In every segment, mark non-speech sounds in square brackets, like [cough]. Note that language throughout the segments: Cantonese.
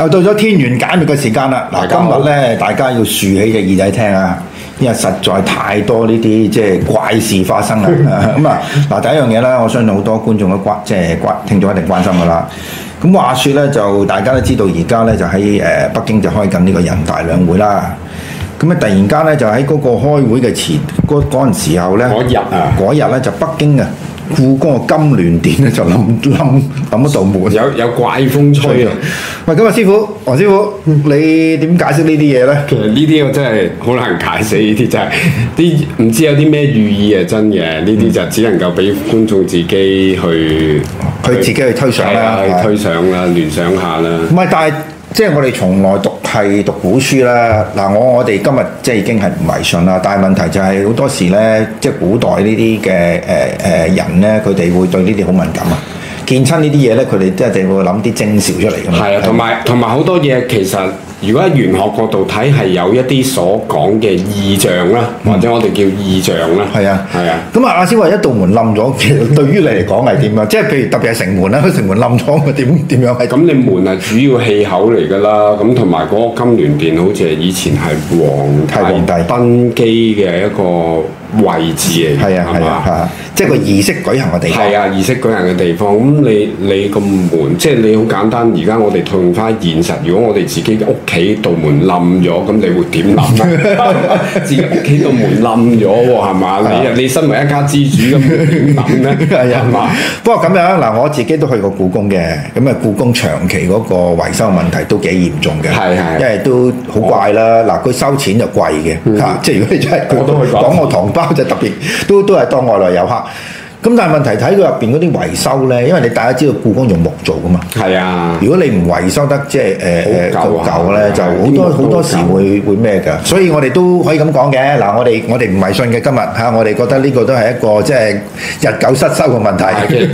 又到咗天玄解密嘅時間啦！嗱，今日咧，大家，大家要豎起隻耳仔聽啊，因為實在太多呢啲即係怪事發生啦。咁 [laughs] 啊，嗱第一樣嘢咧，我相信好多觀眾都關，即係關聽眾一定關心噶啦。咁話說咧，就大家都知道而家咧就喺誒北京就開緊呢個人大兩會啦。咁啊，突然間咧就喺嗰個開會嘅前嗰嗰陣時候咧，嗰日啊，嗰日咧就北京啊。故宮嘅金鑾殿咧就冧冧冧到冇，有有怪風吹啊！喂、嗯，咁、嗯、啊，師傅，黃師傅，你點解釋呢啲嘢咧？其實呢啲我真係好難解釋，呢啲就係啲唔知有啲咩寓意係真嘅，呢啲就只能夠俾觀眾自己去佢、嗯、自己去推想啦，去推想啦，的聯想下啦。唔係，但係即係我哋從來讀。係讀古書啦，嗱，我我哋今日即係已經係唔迷信啦，但係問題就係好多時咧，即係古代呢啲嘅誒誒人咧，佢哋會對呢啲好敏感啊，見親呢啲嘢咧，佢哋都一定會諗啲徵兆出嚟。係啊的，同埋同埋好多嘢其實。如果喺玄學角度睇，係有一啲所講嘅異象啦，或者我哋叫異象啦。係、嗯、啊，係啊。咁啊，阿師話一道門冧咗， [laughs] 其實對於你嚟講係點啊？ [laughs] 即係譬如特別係城門啦，城門冧咗點點樣？係咁，你門係主要氣口嚟㗎啦。咁同埋嗰個金鑾殿，好似以前係皇太帝登基嘅一個位置嚟。係啊，係啊，係 [laughs] 啊。即係個儀式舉行嘅地方。係啊，儀式舉行嘅地方。咁、嗯、你你個門，即係你好簡單。而家我哋退翻現實，如果我哋自己屋企道門冧咗，咁你會點諗咧？ [laughs] 自己屋企道門冧咗喎，係嘛、啊？你你身為一家之主，咁點諗咧？係啊嘛。吧不過咁樣嗱，我自己都去過故宮嘅。咁啊，故宮長期嗰個維修問題都幾嚴重嘅。係係、啊。因為都好怪啦。嗱、哦，佢收錢就貴嘅嚇。嗯、 [laughs] 即係如果你真係過到去講 [laughs] 我堂包，就特別都都係當外來遊客。咁但係問題睇佢入邊嗰啲維修咧，因為你大家知道故宮用木做噶嘛，係啊。如果你唔維修得即係誒誒舊咧，就好多好多時會會咩噶。所以我哋都可以咁講嘅。嗱，我哋我哋唔迷信嘅今日吓，我哋覺得呢個都係一個即係日久失修嘅問題。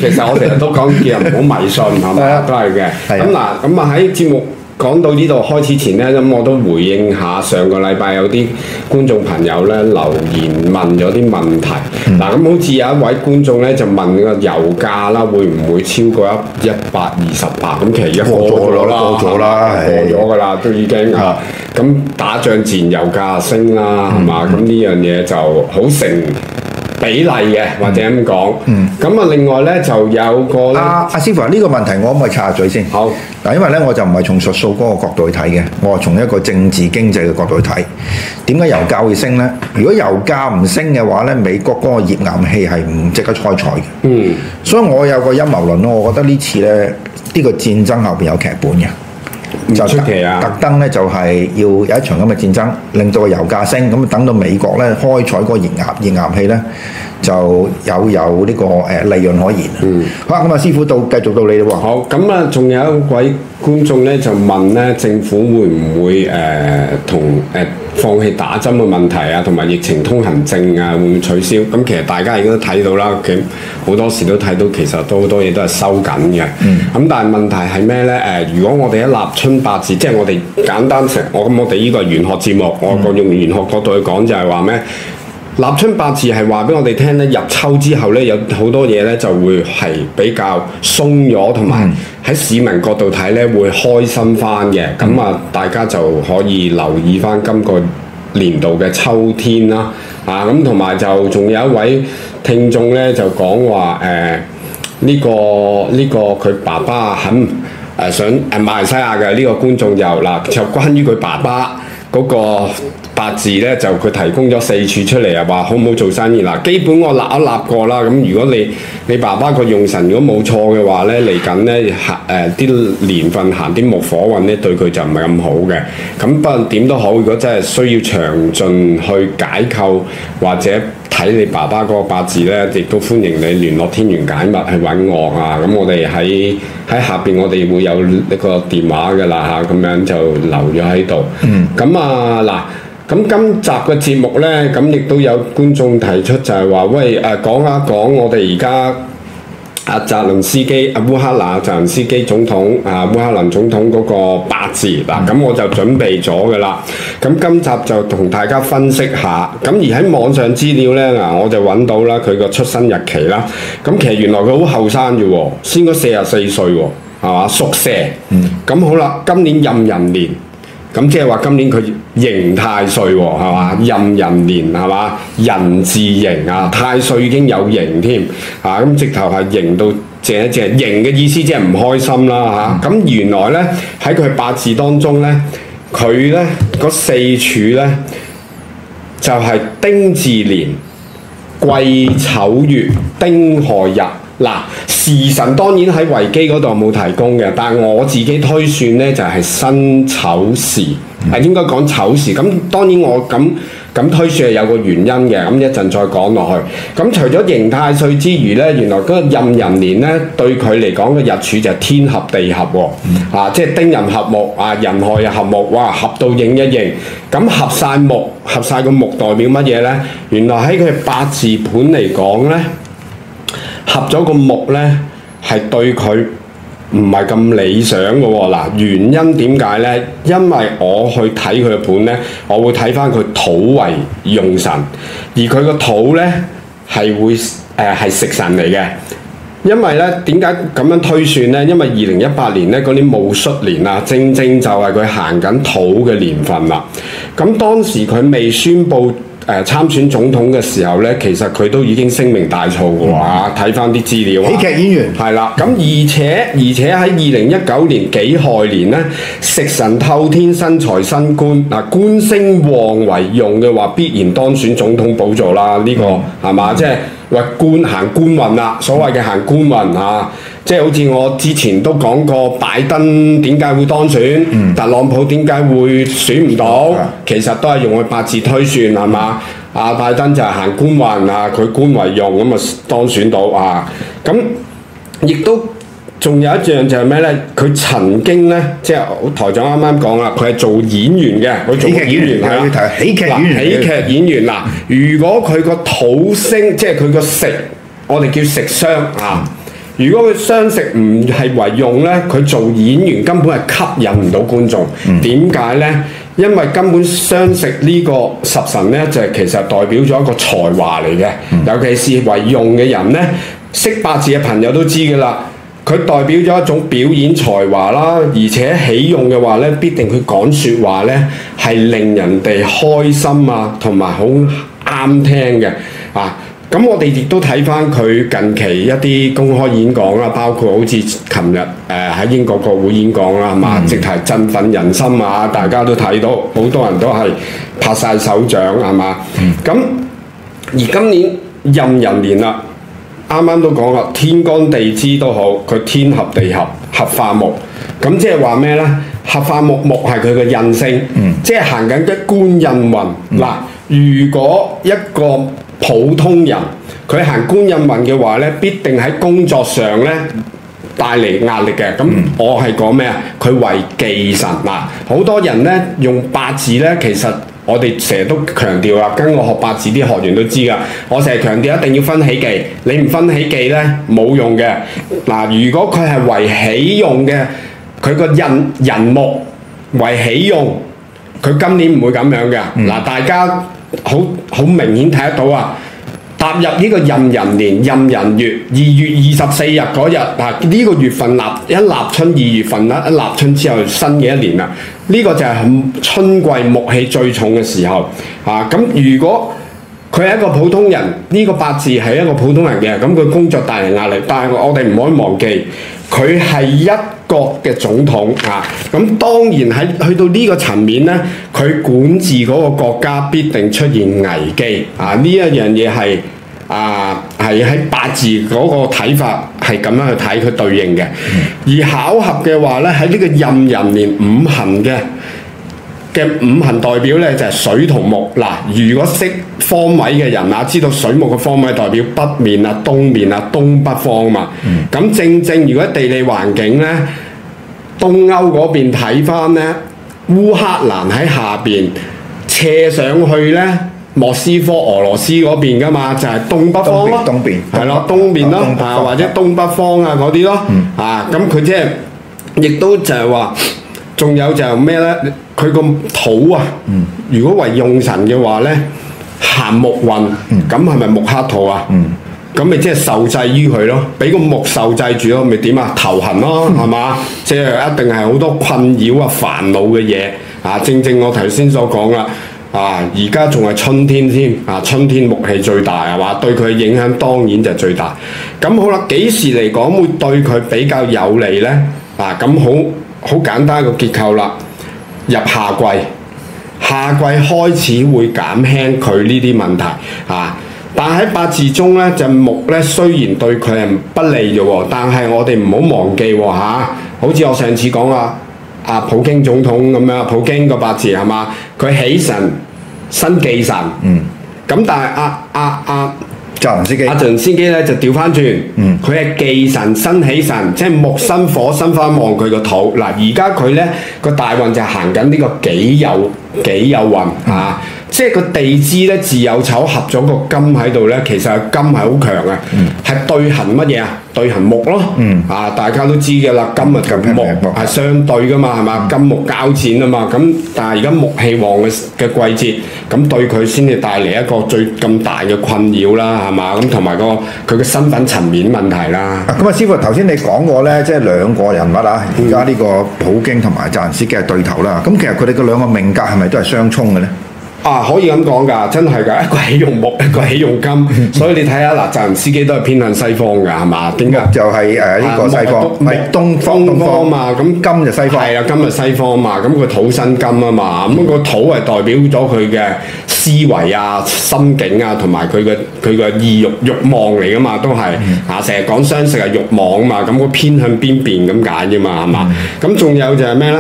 其實我哋都講嘅，唔好迷信係咪，都係嘅。咁嗱，咁啊喺節目。講到呢度開始前呢，咁我都回應下上個禮拜有啲觀眾朋友呢留言問咗啲問題。嗱、嗯，咁好似有一位觀眾呢，就問個油價啦，會唔會超過一一百二十八？咁其實而家過咗啦，啦，過咗啦，過咗㗎啦，是都已經啊。咁、啊、打仗自然油價升啦、啊，係嘛？咁呢、嗯嗯、樣嘢就好成。比例嘅，或者咁講，嗯。嗯。咁啊，另外呢，就有個啦。阿、啊啊、師傅呢，呢個問題，我可唔可以插下嘴先？好。嗱，因為呢，我就唔係從術數嗰個角度去睇嘅，我係從一個政治經濟嘅角度去睇。點解油價會升呢？如果油價唔升嘅話呢，美國嗰個頁岩氣係唔值得開採嘅。嗯。所以我有個陰謀論咯，我覺得呢次呢，呢個戰爭後邊有劇本嘅。就出奇啊！特登咧就係要有一場咁嘅戰爭，令到個油價升。咁等到美國咧開採嗰個頁岩頁岩氣咧，就有有呢個誒利潤可言。嗯。好啦，咁啊，師傅到繼續到你啦喎。好，咁啊，仲有一位觀眾咧就問咧，政府會唔會誒同誒？放棄打針嘅問題啊，同埋疫情通行證啊會唔會取消？咁其實大家已經都睇到啦，咁好多時都睇到其實都好多嘢都係收緊嘅。咁、嗯、但係問題係咩呢？誒，如果我哋一立春八字，即係我哋簡單食我咁，我哋呢個玄學節目，嗯、我用玄學角度去講就係話咩？立春八字係話俾我哋聽咧，入秋之後咧，有好多嘢咧就會係比較鬆咗，同埋喺市民角度睇咧會開心翻嘅。咁啊，大家就可以留意翻今個年度嘅秋天啦。啊，咁同埋就仲有一位聽眾咧就講話誒呢個呢、呢個佢爸爸肯誒、呃、想誒、呃、馬來西亞嘅呢個觀眾又嗱就關於佢爸爸。嗰個八字咧，就佢提供咗四處出嚟啊，話好唔好做生意嗱？基本我立一立過啦。咁如果你你爸爸個用神如果冇錯嘅話咧，嚟緊咧行誒啲年份行啲木火運咧，對佢就唔係咁好嘅。咁不過點都好，如果真係需要詳盡去解構或者。睇你爸爸嗰個八字呢，亦都歡迎你聯絡天玄解密去揾我啊！咁我哋喺喺下邊，我哋會有呢個電話嘅啦吓，咁樣就留咗喺度。嗯。咁啊嗱，咁今集嘅節目呢，咁亦都有觀眾提出就係話，喂誒，講下講我哋而家。阿澤倫斯基，阿烏克納澤倫斯基總統，啊烏克蘭總統嗰個八字嗱，咁、嗯、我就準備咗㗎啦。咁今集就同大家分析下。咁而喺網上資料呢，嗱我就揾到啦，佢個出生日期啦。咁其實原來佢好後生嘅喎，先嗰四十四歲喎，係嘛？屬蛇。嗯。咁好啦，今年壬寅年，咁即係話今年佢。刑太歲喎、哦，係嘛？壬寅年係嘛？壬字刑啊，太歲已經有刑添啊！咁、嗯、直頭係刑到正一正，刑嘅意思即係唔開心啦嚇。咁、啊嗯、原來咧喺佢八字當中咧，佢咧嗰四柱咧就係、是、丁字年、癸丑月、丁亥日，嗱，時辰當然喺維基嗰度冇提供嘅，但係我自己推算呢就係、是、辛丑時，係應該講丑時。咁當然我咁咁推算係有個原因嘅，咁一陣再講落去。咁除咗迎太歲之餘呢，原來嗰個壬寅年呢對佢嚟講嘅日柱就係天合地合喎、哦，嗯、啊，即係丁壬合木，啊，寅亥又合木，哇，合到應一應。咁合晒木，合晒個木代表乜嘢呢？原來喺佢八字盤嚟講呢。合咗個木呢，係對佢唔係咁理想嘅喎、哦。嗱，原因點解呢？因為我去睇佢嘅本呢，我會睇翻佢土為用神，而佢個土呢，係會誒係、呃、食神嚟嘅。因為呢，點解咁樣推算呢？因為二零一八年呢，嗰啲戊戌年啊，正正就係佢行緊土嘅年份啦。咁當時佢未宣佈，誒、呃、參選總統嘅時候呢，其實佢都已經聲名大噪嘅話，睇返啲資料。喜劇演員係啦，咁、嗯、而且而且喺二零一九年己亥年呢，食神透天身材身官、啊、官星旺為用嘅話，必然當選總統寶座啦！呢、這個係嘛，即係、嗯就是、官行官運啦，所謂嘅行官運嚇。嗯嗯。即係好似我之前都講過，拜登點解會當選，嗯、特朗普點解會選唔到，嗯、其實都係用佢八字推算係嘛？啊，拜登就係行官運啊，佢、嗯、官為用咁，啊當選到啊。咁亦都仲有一樣就係咩咧？佢曾經咧，即係台長啱啱講啊，佢係做演員嘅，佢做演員係啦，喜劇演喜劇演員嗱，如果佢個土星，即係佢個食，我哋叫食傷。啊。嗯如果佢相食唔係為用呢，佢做演員根本係吸引唔到觀眾。點解、嗯、呢？因為根本相食呢個十神呢，就係其實代表咗一個才華嚟嘅。嗯、尤其是為用嘅人呢，識八字嘅朋友都知㗎啦。佢代表咗一種表演才華啦，而且喜用嘅話呢，必定佢講説話呢係令人哋開心啊，同埋好啱聽嘅啊。咁我哋亦都睇翻佢近期一啲公開演講啦，包括好似琴日誒喺英國國會演講啦，係嘛？即係振奮人心啊！大家都睇到好多人都係拍曬手掌，係嘛？咁而今年任人年啦，啱啱都講啦，天干地支都好，佢天合地合合化木，咁即係話咩呢？合化木，木係佢嘅印星，即係行緊一官印運嗱。如果一個普通人佢行官印運嘅話呢，必定喺工作上呢帶嚟壓力嘅。咁我係講咩啊？佢為忌神嗱，好多人呢用八字呢，其實我哋成日都強調啦，跟我學八字啲學員都知㗎。我成日強調一定要分喜忌，你唔分喜忌呢冇用嘅嗱。如果佢係為喜用嘅，佢個印印木為喜用，佢今年唔會咁樣嘅嗱，大家。好好明顯睇得到啊！踏入呢個壬寅年、壬寅月，二月二十四日嗰日，嗱、啊、呢、這個月份立一立春，二月份啦，一立春之後新嘅一年啦。呢、啊這個就係春季木氣最重嘅時候啊！咁如果佢係一個普通人，呢、這個八字係一個普通人嘅，咁佢工作帶嚟壓力，但係我哋唔可以忘記。佢係一國嘅總統啊，咁當然喺去到呢個層面咧，佢管治嗰個國家必定出現危機啊！呢一樣嘢係啊，係喺八字嗰個睇法係咁樣去睇佢對應嘅，而巧合嘅話咧，喺呢個壬寅年五行嘅。嘅五行代表咧，就係水同木嗱，如果識方位嘅人啊，知道水木嘅方位代表北面啊、東面啊、東北方嘛。咁、嗯、正正如果地理環境呢，東歐嗰邊睇翻呢，烏克蘭喺下邊，斜上去呢，莫斯科俄羅斯嗰邊噶嘛，就係東北方咯，東邊係咯，東面咯、啊、或者東北方啊嗰啲咯、嗯、啊，咁佢即係亦都就係話，仲有就係咩呢？佢個土啊，如果為用神嘅話呢，行木運，咁係咪木克土啊？咁咪即係受制於佢咯，俾個木受制住咯，咪點啊？頭痕咯，係嘛？即係一定係好多困擾啊、煩惱嘅嘢啊！正正我頭先所講啦，啊，而家仲係春天添啊，春天木氣最大係嘛？對佢影響當然就最大。咁好啦，幾時嚟講會對佢比較有利咧？嗱，啊，咁好好簡單一個結構啦。入夏季，夏季開始會減輕佢呢啲問題嚇、啊。但喺八字中呢，就木咧，雖然對佢係不利啫喎，但係我哋唔好忘記喎、哦啊、好似我上次講啊，啊普京總統咁樣，普京個八字係嘛，佢喜神申忌神，新神嗯，但係啊啊啊。啊啊司啊、司就唔識記，阿馴先機咧就調翻轉，佢係忌神生喜神，即係木生火生翻旺佢個土。嗱，而家佢咧個大運就行緊、這、呢個己酉己酉運、嗯、啊。即係個地支咧自有丑合咗個金喺度咧，其實個金係好強嘅，係、嗯、對行乜嘢啊？對行木咯，嗯、啊大家都知嘅啦，金咪同木係、嗯、相對噶嘛，係嘛？金木交戰啊嘛，咁但係而家木氣旺嘅嘅季節，咁對佢先至帶嚟一個最咁大嘅困擾啦，係嘛？咁同埋個佢嘅身份層面問題啦。咁啊，師傅頭先你講過咧，即、就、係、是、兩個人物啦，而家呢個普京同埋澤倫斯基嘅對頭啦，咁、嗯、其實佢哋嘅兩個命格係咪都係相沖嘅咧？啊，可以咁講㗎，真係㗎，一個喜用木，一個喜用金，所以你睇下嗱，澤倫斯基都係偏向西方㗎，係嘛？點解？就係誒呢個西方，唔係東方，東方嘛，咁金就西方，係啊，金就西方嘛，咁佢土生金啊嘛，咁個土係代表咗佢嘅思維啊、心境啊，同埋佢嘅佢嘅意欲慾望嚟㗎嘛，都係啊，成日講傷食係欲望啊嘛，咁佢偏向邊邊咁解啫嘛，係嘛？咁仲有就係咩咧？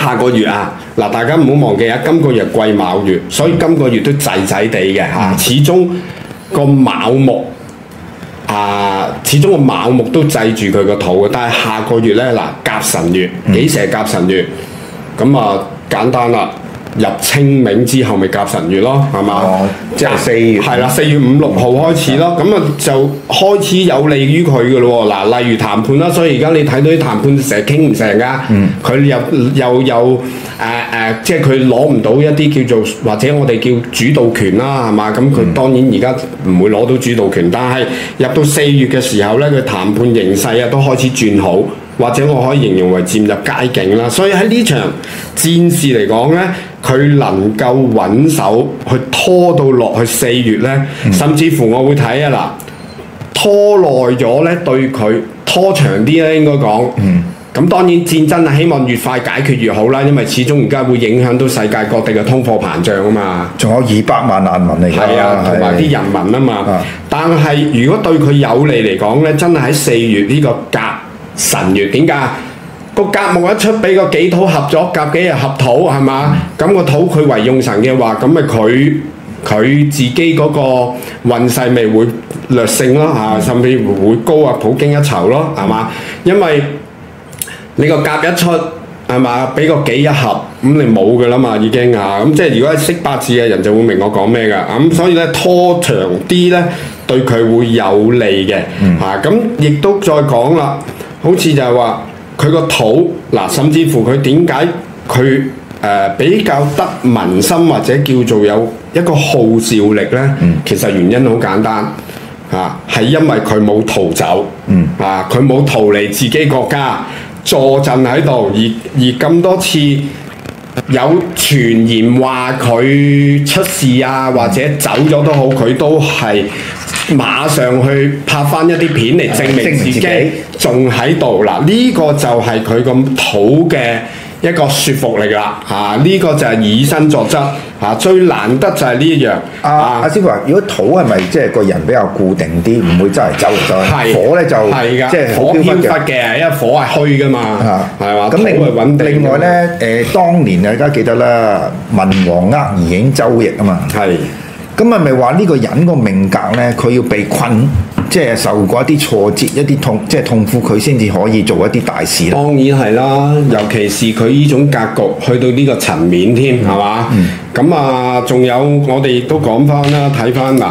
下個月啊，嗱，大家唔好忘記啊，今個月癸卯月，所以今個月都滯滯地嘅嚇，始終個卯木啊，始終個卯木都滯住佢個肚嘅，但係下個月咧嗱、啊，甲辰月，幾時係甲辰月？咁啊簡單啦。入清明之後，咪甲辰月咯，係嘛、哦？吧即係四月。係啦，四月五六號開始咯，咁啊、嗯、就開始有利於佢嘅咯。嗱，例如談判啦，所以而家你睇到啲談判談成日傾唔成㗎。佢、嗯、又又有，誒誒、呃呃，即係佢攞唔到一啲叫做或者我哋叫主導權啦，係嘛？咁佢當然而家唔會攞到主導權，但係入到四月嘅時候呢，佢談判形勢啊都開始轉好，或者我可以形容為漸入佳境啦。所以喺呢場戰事嚟講呢。佢能夠穩手去拖到落去四月呢？嗯、甚至乎我會睇啊嗱，拖耐咗呢，對佢拖長啲咧應該講，咁、嗯、當然戰爭係希望越快解決越好啦，因為始終而家會影響到世界各地嘅通貨膨脹啊嘛，仲有二百萬難民嚟，係啊，同埋啲人民啊嘛，是啊但係如果對佢有利嚟講呢，真係喺四月呢個甲辰月點解？個甲木一出，俾個己土合咗，甲己日合土，係嘛？咁個土佢為用神嘅話，咁咪佢佢自己嗰個運勢咪會略勝咯嚇、啊，甚至會高啊普京一籌咯，係嘛？因為你個甲一出係嘛，俾個己一合，咁、嗯、你冇嘅啦嘛，已經嚇咁、啊。即係如果係識八字嘅人就會明我講咩噶咁，所以咧拖長啲咧對佢會有利嘅嚇。咁、嗯啊、亦都再講啦，好似就係話。佢個肚嗱，甚至乎佢點解佢誒比較得民心，或者叫做有一個號召力呢？嗯、其實原因好簡單嚇，係、啊、因為佢冇逃走啊，佢冇逃離自己國家，坐鎮喺度。而而咁多次有傳言話佢出事啊，或者走咗都好，佢都係。馬上去拍翻一啲片嚟證明自己，仲喺度嗱，呢個就係佢咁土嘅一個説服嚟㗎嚇，呢、啊這個就係以身作則嚇、啊，最難得就係呢一樣啊！阿、啊、師傅話：如果土係咪即係個人比較固定啲，唔會周圍走嚟走去？係的火咧就即係好飄忽嘅，因為火係虛㗎嘛，係嘛？咁另外另外咧誒，當年大家記得啦，文王拘而演周易啊嘛，係。咁啊，係咪話呢個人個命格呢？佢要被困，即係受過一啲挫折，一啲痛，即係痛苦，佢先至可以做一啲大事。當然係啦，尤其是佢呢種格局去到呢個層面，添係嘛？咁、嗯、啊，仲有我哋亦都講翻啦，睇翻嗱，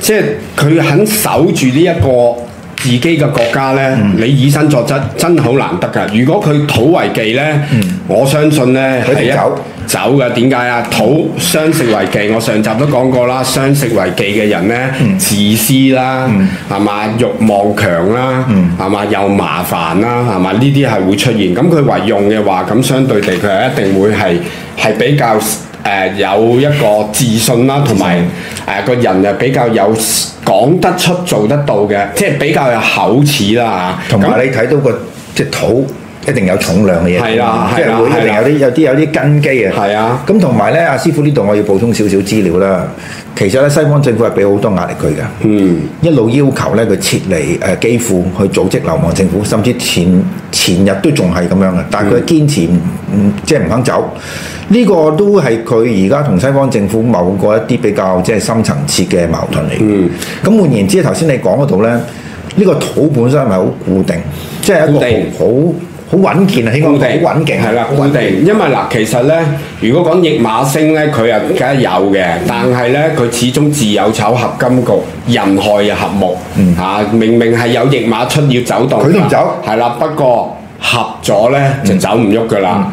即係佢肯守住呢一個自己嘅國家呢，嗯、你以身作則真係好難得噶。如果佢土為忌呢，嗯、我相信呢。佢、嗯、走，一走。走嘅點解啊？土傷食為忌，我上集都講過啦。傷食為忌嘅人呢，嗯、自私啦，係嘛、嗯？慾望強啦，係嘛、嗯？又麻煩啦，係嘛？呢啲係會出現。咁佢為用嘅話，咁相對地佢係一定會係係比較誒、呃、有一個自信啦，同埋誒個人又比較有講得出、做得到嘅，即係比較有口齒啦。嚇，同埋你睇到、個即係土。一定有重量嘅嘢，啊啊、即係會一定有啲、啊、有啲有啲根基啊。係啊，咁同埋咧，阿師傅呢度我要補充少少資料啦。其實咧，西方政府係俾好多壓力佢嘅，嗯、一路要求咧佢撤離誒基輔，去組織流亡政府，甚至前前日都仲係咁樣嘅。但係佢堅持、嗯、即係唔肯走，呢、這個都係佢而家同西方政府某個一啲比較即係深層次嘅矛盾嚟嘅。咁換、嗯嗯、言之，頭先你講嗰度咧，呢、這個土本身係咪好固定，即、就、係、是、一個好。好穩健啊！高地平，好穩健係啦，好穩定。定因為嗱，其實咧，如果講驛馬星咧，佢啊，梗係有嘅。但係咧，佢始終巳酉丑合金局，寅亥又合木。嗯、啊。明明係有驛馬出要走動。佢都唔走。係啦，不過合咗咧、嗯、就走唔喐噶啦。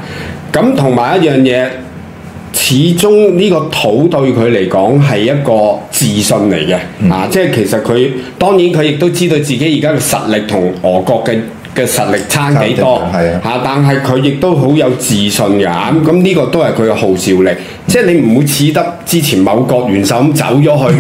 咁同埋一樣嘢，始終呢個土對佢嚟講係一個自信嚟嘅。啊，即係、啊、其實佢當然佢亦都知道自己而家嘅實力同俄國嘅。嘅實力差幾多？係啊，但係佢亦都好有自信㗎，咁、啊、呢個都係佢嘅號召力。嗯、即係你唔會似得之前某國元首咁走咗去，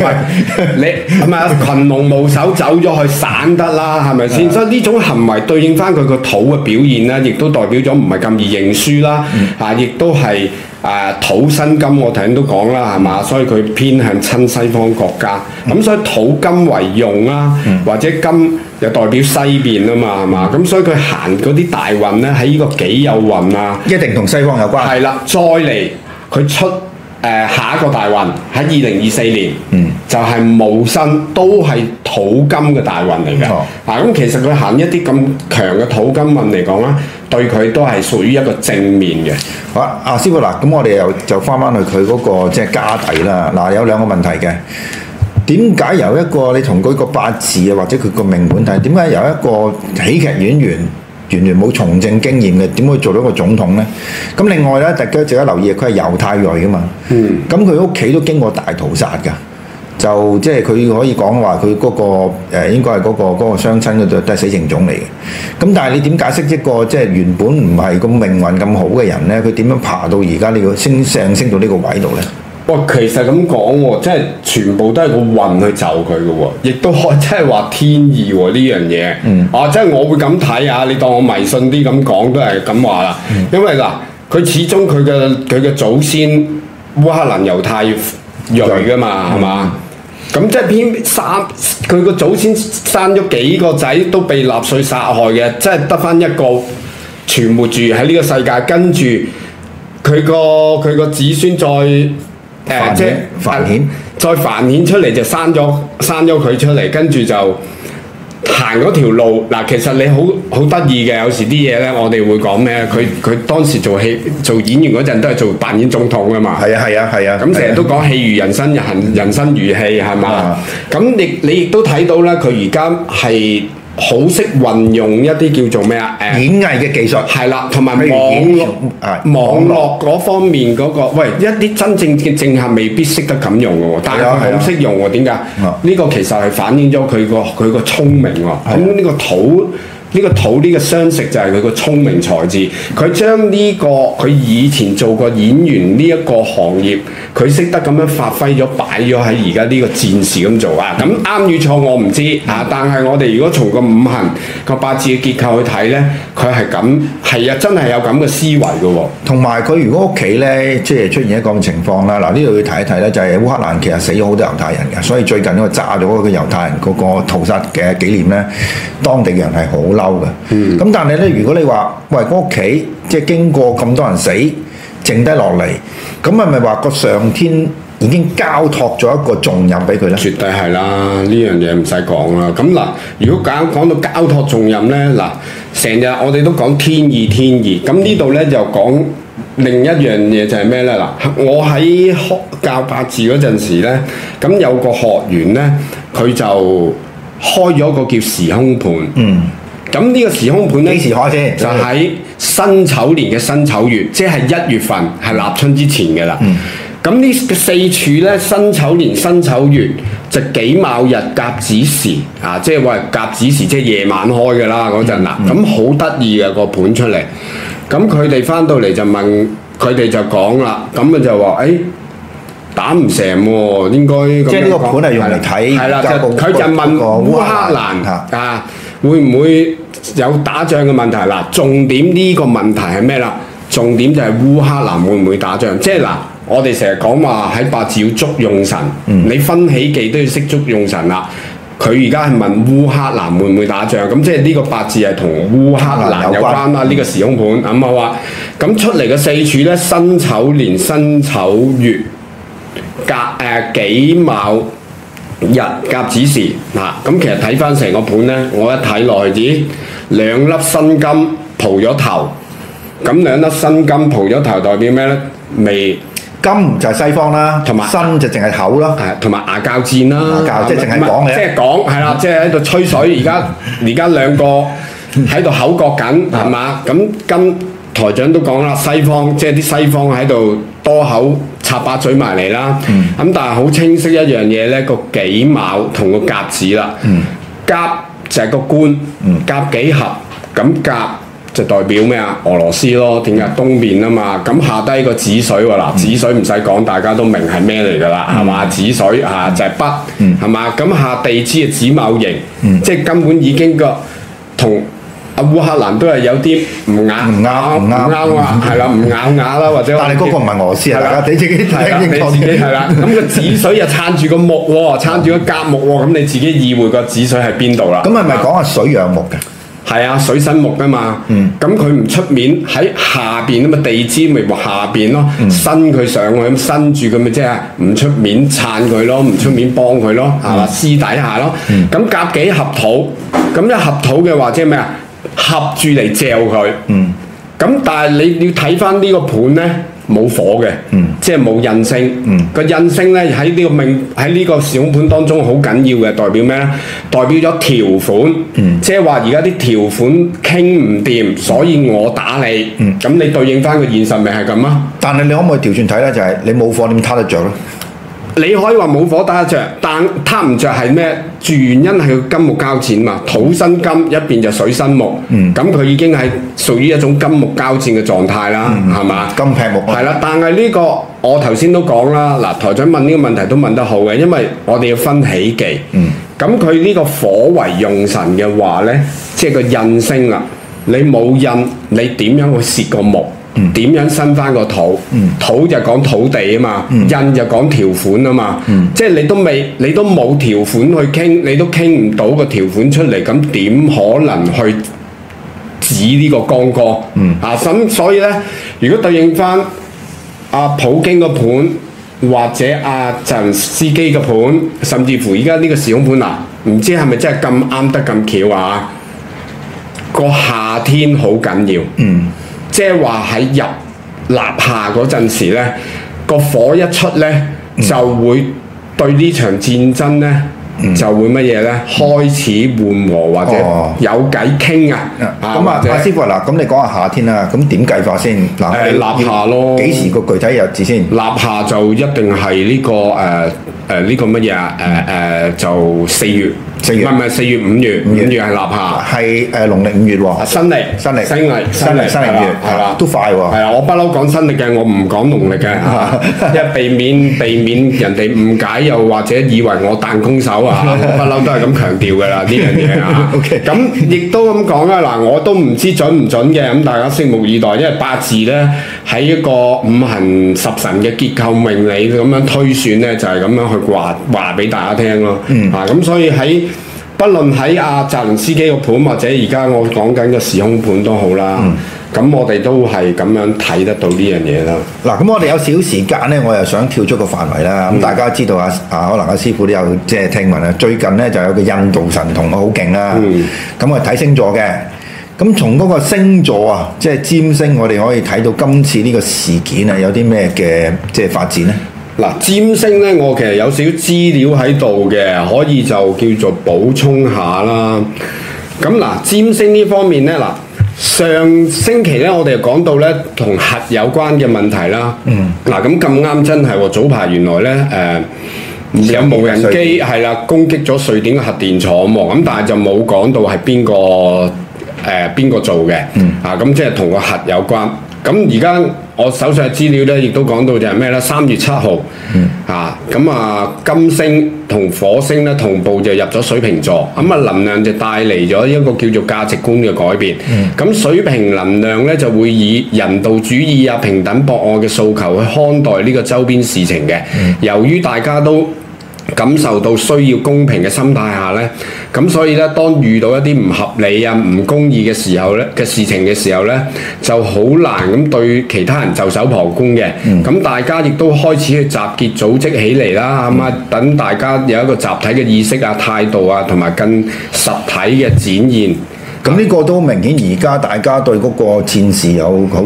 喂， [laughs] 你唔係羣龍無首走咗去散得啦，係咪先？的所以呢種行為對應翻佢個土嘅表現咧，亦都代表咗唔係咁易認輸啦。嚇、嗯！亦、啊、都係啊，土生金我頭先都講啦，係嘛？所以佢偏向親西方國家，咁所以土金為用啦，啊、或者金。就代表西邊啦嘛，係嘛？咁所以佢行嗰啲大運咧，喺呢個己酉運啊，一定同西方有關。係啦，再嚟佢出誒、呃、下一個大運喺二零二四年，嗯，就係戊申都係土金嘅大運嚟嘅。哦、啊！咁其實佢行一啲咁強嘅土金運嚟講咧，對佢都係屬於一個正面嘅。好啊，阿師傅嗱，咁我哋又就翻翻去佢嗰個即係、就是、家底啦。嗱，有兩個問題嘅。點解由一個你同佢個八字啊，或者佢個命盤睇，點解由一個喜劇演員，完全冇從政經驗嘅，點會做到一個總統呢？咁另外咧，大家值得留意佢係猶太裔噶嘛。咁佢屋企都經過大屠殺噶，就即係佢可以講話、嗰個，佢嗰個誒應該係嗰、嗰個嗰、嗰個雙親嗰都係死剩種嚟嘅。咁但係你點解釋一個即係原本唔係個命運咁好嘅人呢？佢點樣爬到而家呢個升上升到呢個位度呢？哇，其實咁講喎，即係全部都係個運去就佢嘅喎，亦都可即係話天意喎、啊、呢樣嘢。嗯、啊，即係我會咁睇啊，你當我迷信啲咁講都係咁話啦。嗯、因為嗱，佢始終佢嘅佢嘅祖先烏克蘭猶太裔噶嘛，係嘛、嗯？咁即係偏生佢個祖先生咗幾個仔都被納粹殺害嘅，即係得返一個存活住喺呢個世界，跟住佢個佢個子孫再。誒、呃、即係扮演，再繁衍出嚟就生咗生咗佢出嚟，跟住就行嗰條路嗱、啊。其實你好好得意嘅，有時啲嘢咧，我哋會講咩？佢佢當時做戲做演員嗰陣都係做扮演總統噶嘛。係啊係啊係啊，咁成日都講戲如人生，人，人生如戲係嘛？咁、啊、你你亦都睇到啦，佢而家係。好識運用一啲叫做咩啊？演藝嘅技術係啦，同埋網絡網絡嗰方面嗰個，喂，一啲真正嘅政客未必識得咁用嘅喎，但係佢好識用喎，點解？呢個其實係反映咗佢個佢個聰明喎。咁呢個土。呢個土呢個傷食就係佢個聰明才智，佢將呢個佢以前做過演員呢一個行業，佢識得咁樣發揮咗，擺咗喺而家呢個戰士咁做啊！咁啱與錯我唔知啊，嗯、但係我哋如果從個五行個八字嘅結構去睇呢，佢係咁係啊，真係有咁嘅思維嘅喎。同埋佢如果屋企呢，即係出現一個情況啦，嗱呢度要睇一睇呢，就係烏克蘭其實死咗好多猶太人嘅，所以最近佢炸咗個猶太人嗰個屠殺嘅紀念呢，當地人係好嬲。嘅，嗯，咁但係咧，如果你話喂屋企即係經過咁多人死，剩低落嚟，咁係咪話個上天已經交託咗一個重任俾佢咧？絕對係啦，呢樣嘢唔使講啦。咁嗱，如果講講到交託重任咧，嗱，成日我哋都講天意天意，咁呢度咧就講另一樣嘢就係咩咧？嗱，我喺學教八字嗰陣時咧，咁有個學員咧，佢就開咗一個叫時空盤，嗯。咁呢個時空盤咧，時開就喺辛丑年嘅辛丑月，即係一月份，係立春之前嘅啦。咁呢、嗯、四柱呢，辛丑年辛丑月就己卯日甲子時，啊，即係話甲子時，即係夜晚開嘅啦嗰陣啦。咁好得意嘅個盤出嚟，咁佢哋翻到嚟就問，佢哋就講啦，咁、哎、啊就話，誒打唔成喎，應該。即係呢個盤係用嚟睇。係啦，佢就問烏克蘭啊，會唔會？有打仗嘅問題啦，重點呢個問題係咩啦？重點就係烏克蘭會唔會打仗？即係嗱，我哋成日講話喺八字要捉用神，嗯、你分喜忌都要識捉用神啦。佢而家係問烏克蘭會唔會打仗？咁即係呢個八字係同烏克蘭有關啦。呢、嗯、個時空盤咁啊話，咁、嗯、出嚟嘅四柱呢，辛丑年、辛丑月、甲誒己卯日、甲子時嗱。咁其實睇翻成個盤呢，我一睇落去點？兩粒新金蒲咗頭，咁兩粒新金蒲咗頭代表咩咧？未金就係西方啦，同埋新就淨係口咯，係同埋牙膠戰啦，即係淨係講嘅，即係講係啦，即係喺度吹水。而家而家兩個喺度口角緊係嘛？咁跟台長都講啦，西方即係啲西方喺度多口插把嘴埋嚟啦。咁但係好清晰一樣嘢咧，個幾卯同個甲子啦，甲。就係個官夾幾合，咁甲就代表咩啊？俄羅斯咯，點解東邊啊嘛？咁下低個子水喎，嗱，子水唔使講，大家都明係咩嚟㗎啦，係嘛、嗯？子水啊，就係、是、北，係嘛、嗯？咁下地支嘅子卯刑，即係、嗯、根本已經個同。阿烏克蘭都係有啲唔啱，唔啱，唔啱啊！係啦，唔啶啌啦，或者但係嗰個唔係俄羅斯，係啦，你自己睇認錯自己係啦。咁個紫水又撐住個木喎，撐住個甲木喎。咁你自己意會個紫水喺邊度啦？咁係咪講下水養木嘅？係啊，水生木啊嘛。嗯，咁佢唔出面喺下邊啊嘛，地支咪下邊咯，伸佢上去，伸住咁咪即係唔出面撐佢咯，唔出面幫佢咯，係嘛？私底下咯。嗯。咁甲己合土，咁一合土嘅話即係咩啊？合住嚟嚼佢，嗯，咁但係你要睇翻呢個盤咧，冇火嘅，嗯，即係冇印星，嗯，個印星咧喺呢個命喺呢個小盤當中好緊要嘅，代表咩咧？代表咗條款，嗯，即係話而家啲條款傾唔掂，所以我打你，嗯，咁你對應翻個現實咪係咁啊？但係你可唔可以調轉睇咧？就係你冇火點撻得著咧？你可以話冇火打得着，但貪唔着係咩？主要原因係佢金木交戰嘛，土生金一邊就水生木，咁佢、嗯、已經係屬於一種金木交戰嘅狀態啦，係嘛、嗯？吧金劈木。係、這個、啦，但係呢個我頭先都講啦，嗱台長問呢個問題都問得好嘅，因為我哋要分喜忌。嗯。咁佢呢個火為用神嘅話呢，即、就、係、是、個印星啦、啊。你冇印，你點樣去蝕個木？點、嗯、樣新翻個土？嗯、土就講土地啊嘛，嗯、印就講條款啊嘛。嗯、即係你都未，你都冇條款去傾，你都傾唔到個條款出嚟，咁點可能去指呢個干戈？嗯、啊，咁所以呢，如果對應翻阿、啊、普京個盤，或者阿、啊、陳司機個盤，甚至乎而家呢個時空盤啊，唔知係咪真係咁啱得咁巧啊？個夏天好緊要。嗯即係話喺入立夏嗰陣時咧，個火一出咧，嗯、就會對呢場戰爭咧、嗯、就會乜嘢咧？嗯、開始緩和、哦、或者有偈傾啊！咁啊，阿師傅嗱，咁你講下夏天啦，咁點計法先嗱？誒，立夏咯，幾時個具體日子先？立夏就一定係呢、呢個誒誒呢個乜嘢啊？誒、呃、誒、呃、就四月。唔係唔係，四月五月，五月係立夏，係誒農曆五月新曆，新曆，新曆，新曆，新曆係啦，都快喎。係啊，我不嬲講新曆嘅，我唔講農曆嘅嚇，一避免避免人哋誤解，又或者以為我彈弓手啊，不嬲都係咁強調㗎啦呢樣嘢嚇。咁亦都咁講啦，嗱，我都唔知準唔準嘅，咁大家拭目以待，因為八字呢，喺一個五行十神嘅結構命理咁樣推算呢，就係咁樣去話話俾大家聽咯。嗯啊，咁所以喺不論喺阿澤倫斯基個盤或者而家我講緊個時空盤都好啦，咁我哋都係咁樣睇得到呢樣嘢啦。嗱，咁我哋有少時間呢，我又想跳出個範圍啦。咁大家知道阿阿可能阿師傅都有即係聽聞啊，最近呢，就有個印度神童啊，好勁啦。咁我哋睇星座嘅，咁從嗰個星座啊，即係占星，我哋可以睇到今次呢個事件啊，有啲咩嘅即係發展呢？嗱，占星咧，我其實有少少資料喺度嘅，可以就叫做補充下啦。咁、啊、嗱，占星呢方面咧，嗱、啊，上星期咧，我哋講到咧，同核有關嘅問題啦。嗯。嗱、啊，咁咁啱真係喎、哦，早排原來咧，誒、呃、有無人機係啦典，攻擊咗瑞典核電廠喎。咁但係就冇講到係邊個誒邊個做嘅。嗯、啊，咁即係同個核有關。咁而家。我手上嘅資料咧，亦都講到就係咩咧？三月七號、嗯、啊，咁啊金星同火星咧同步就入咗水瓶座，咁啊能量就帶嚟咗一個叫做價值觀嘅改變。咁、嗯、水瓶能量咧就會以人道主義啊、平等博愛嘅訴求去看待呢個周邊事情嘅。嗯、由於大家都感受到需要公平嘅心態下呢，咁所以呢，當遇到一啲唔合理啊、唔公義嘅時候呢，嘅事情嘅時候呢，就好難咁對其他人袖手旁觀嘅。咁、嗯、大家亦都開始去集結組織起嚟啦，咁啊，嗯、等大家有一個集體嘅意識啊、態度啊，同埋更實體嘅展現。咁呢個都明顯，而家大家對嗰個戰事有好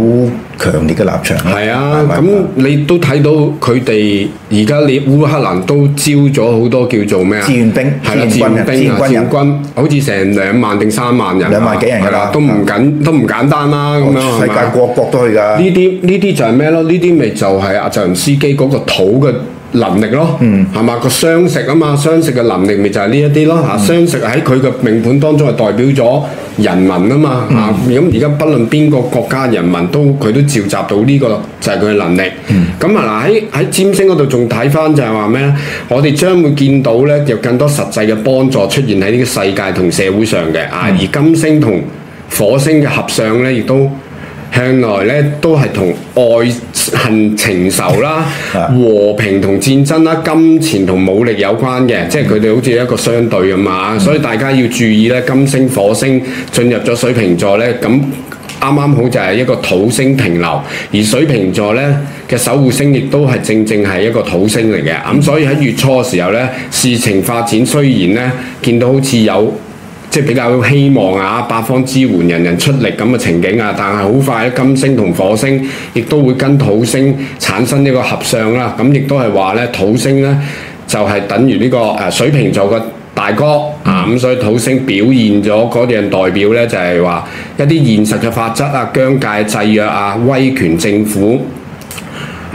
強烈嘅立場啦。係啊，咁你都睇到佢哋而家你烏克蘭都招咗好多叫做咩啊？志願兵，志願兵志願軍，好似成兩萬定三萬人。兩萬幾人㗎啦，都唔緊，都唔簡單啦。咁樣世界各國都去㗎。呢啲呢啲就係咩咯？呢啲咪就係阿澤倫斯基嗰個土嘅。能力咯，係嘛、嗯、個相食啊嘛，相食嘅能力咪就係呢一啲咯嚇，相食喺佢嘅命盤當中係代表咗人民嘛、嗯、啊嘛嚇。咁而家不論邊個國家人民都佢都召集到，呢個就係佢嘅能力。咁、嗯、啊嗱喺喺占星嗰度仲睇翻就係話咩？我哋將會見到咧有更多實際嘅幫助出現喺呢個世界同社會上嘅啊，而金星同火星嘅合相咧亦都。向來咧都係同愛恨情仇啦、 [laughs] 和平同戰爭啦、金錢同武力有關嘅，嗯、即係佢哋好似一個相對咁嘛。嗯、所以大家要注意咧，金星火星進入咗水瓶座咧，咁啱啱好就係一個土星停留，而水瓶座咧嘅守護星亦都係正正係一個土星嚟嘅，咁、嗯、所以喺月初嘅時候咧，事情發展雖然咧見到好似有。即係比較希望啊，八方支援，人人出力咁嘅情景啊！但係好快，金星同火星亦都會跟土星產生呢個合相啦、啊。咁亦都係話咧，土星咧就係、是、等於呢個誒水瓶座嘅大哥啊。咁所以土星表現咗嗰啲嘅代表咧，就係、是、話一啲現實嘅法則啊、疆界、制約啊、威權政府。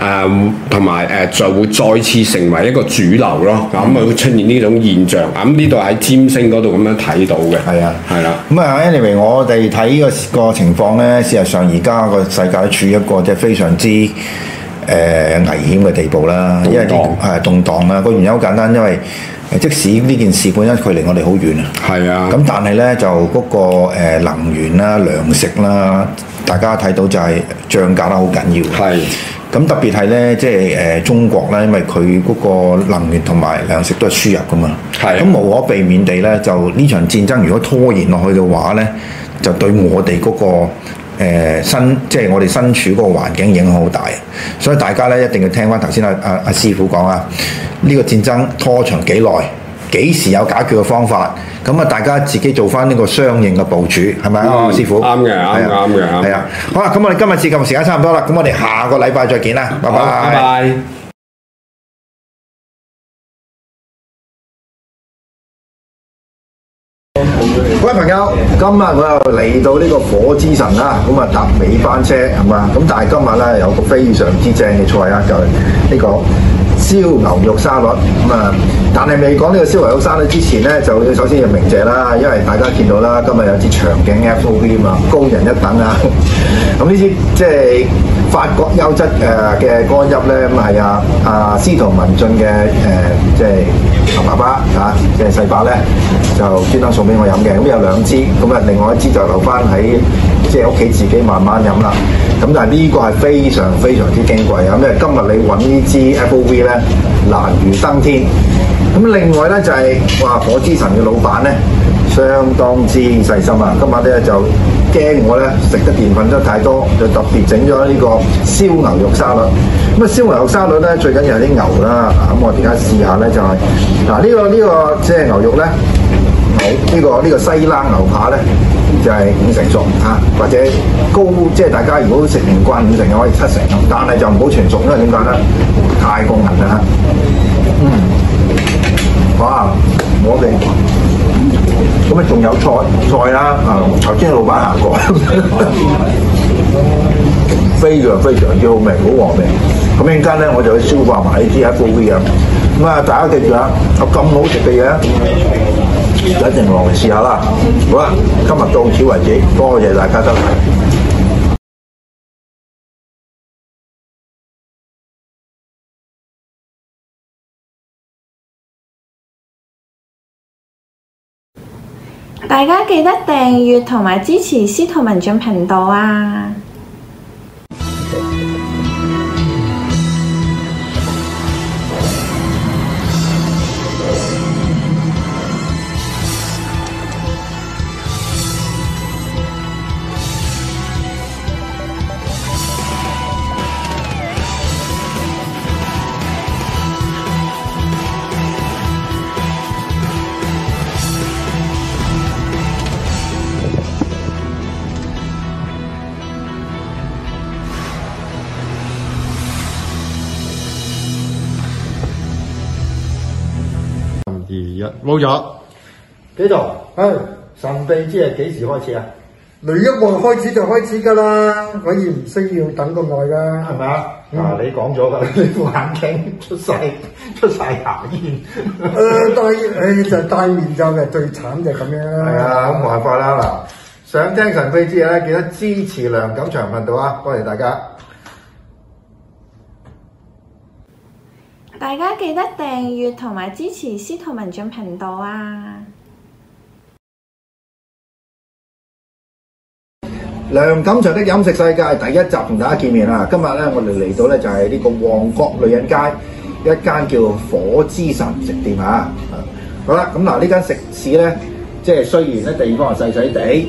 誒同埋誒就會再次成為一個主流咯，咁啊、嗯、會出現呢種現象。咁呢度喺占星嗰度咁樣睇到嘅。係啊，係啦、啊。咁啊 anyway 我哋睇呢個個情況咧，事實上而家個世界處一個即係非常之誒、呃、危險嘅地步啦，因為係動盪啊，個、呃、原因好簡單，因為即使呢件事本身佢離我哋好遠啊。係啊。咁但係咧就嗰個能源啦、糧食啦，大家睇到就係漲價啦，好緊要。係的。咁特別係咧，即係誒中國咧，因為佢嗰個能源同埋糧食都係輸入㗎嘛，咁的無可避免地咧，就呢場戰爭如果拖延落去嘅話咧，就對我哋嗰個誒身，即係我哋身處嗰個環境影響好大。所以大家咧一定要聽返頭先阿阿阿師傅講啊，呢個戰爭拖長幾耐？幾時有解決嘅方法？咁啊，大家自己做返呢個相應嘅部署，係咪啊？嗯、師傅？啱嘅，啱啊，啱嘅，係啊。好啦，咁我哋今日節目時間差唔多啦，咁我哋下個禮拜再見啦，好拜拜。拜拜。各位朋友，今日我又嚟到呢個火之神啦，咁啊，搭尾班車係嘛？咁但係今日咧有個非常之正嘅菜啊，就呢、是、個燒牛肉沙律。咁、嗯、啊，但係未講呢個燒牛肉沙律之前咧，就首先要鳴謝啦，因為大家見到啦，今日有支長頸 F O V 嘛，高人一等啊。咁呢支即係、就是、法國優質誒嘅乾邑咧，咁、呃、係啊啊，司徒文進嘅誒即係。呃就是同爸爸啊，即係細伯咧就專登送俾我飲嘅，咁、嗯、有兩支，咁、嗯、啊另外一支就留翻喺即係屋企自己慢慢飲啦。咁、嗯、但係呢個係非常非常之矜貴，因、嗯、為今日你揾呢支 F O V 咧難如登天。咁、嗯、另外咧就係、是、哇，火之神嘅老闆咧相當之細心啊，今晚咧就。驚我咧食得澱粉都太多，就特別整咗呢個燒牛肉沙律。咁啊燒牛肉沙律咧最緊要係啲牛啦，咁、啊啊、我點解試下咧就係嗱呢個呢、這個即係牛肉咧，好呢、這個呢、這個西冷牛扒咧就係、是、五成熟啊，或者高即係、就是、大家如果食唔慣五成，可以七成，但係就唔好全熟，因為點解咧太過韌啦、啊。嗯，哇好啊，我哋。咁啊，仲有菜菜啦，啊、嗯！頭先老闆行過 [laughs] 非，非常非常之好味，好和味。咁一陣間呢，我就去消化埋呢啲啊副餸。咁啊，大家記住啊，有咁好食嘅嘢，一定嚟試下啦。好啦，今日到此為止，多謝大家收看。大家記得訂閱同埋支持司徒文進頻道啊！冇咗，基度，哎道，是神秘之夜幾時開始啊？雷一望開始就開始噶啦，我亦唔需要等咁耐噶，係咪、？ [laughs] 嗯、啊？嗱，你講咗噶，你副眼鏡出世，出晒牙煙，誒戴，誒、 [laughs] 呃哎、就戴、是、面罩嘅，最慘就咁樣啦。係啊，冇辦法啦嗱，想聽神秘之夜咧，記得支持梁錦祥頻道啊，多謝大家。大家記得訂閱同埋支持司徒文進頻道啊！梁錦祥的飲食世界第一集同大家見面啦！今日咧，我哋嚟到咧就係呢個旺角女人街一間叫火之神食店啊！好啦，咁嗱，呢間食肆咧，即係雖然咧地方係細細地。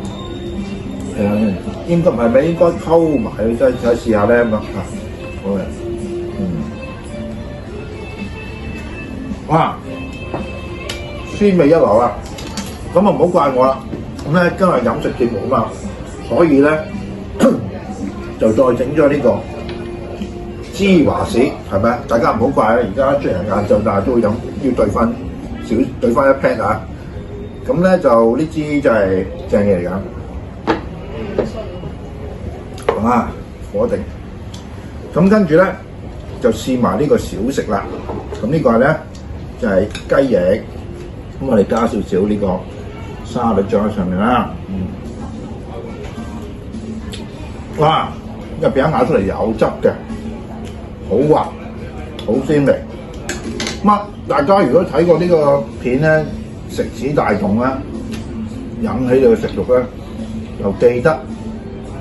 應該唔係咩，應該溝埋，再試下咧嘛嚇，好嘅，嗯，哇，酸味一流啦，咁啊唔好怪我啦，咁咧今日飲食節目啊嘛，所以咧就再整咗呢個芝華士，係咪大家唔好怪啊！而家出嚟晏晝，但係都飲，要對翻少對翻一 pat 啊，咁咧就呢支就係正嘢嚟㗎。啊！火定，咁跟住咧就試埋呢個小食啦。咁、這個、呢個咧就係、是、雞翼，咁、嗯、我哋加少少呢個沙律醬喺上面啦。嗯，哇！入、這、邊、個、咬出嚟有汁嘅，好滑，好鮮味。咁、啊、大家如果睇過呢個片咧，食指大動咧，引起你嘅食欲咧，又記得。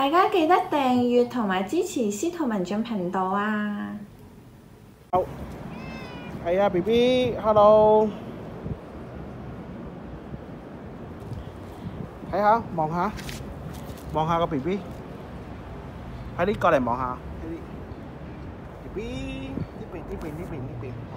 大家記得訂閱同埋支持司徒文進頻道啊！好，係啊，B B，哈嘍，睇下望下望下個 B B，快啲過嚟望下，B B，呢邊呢邊呢邊呢邊。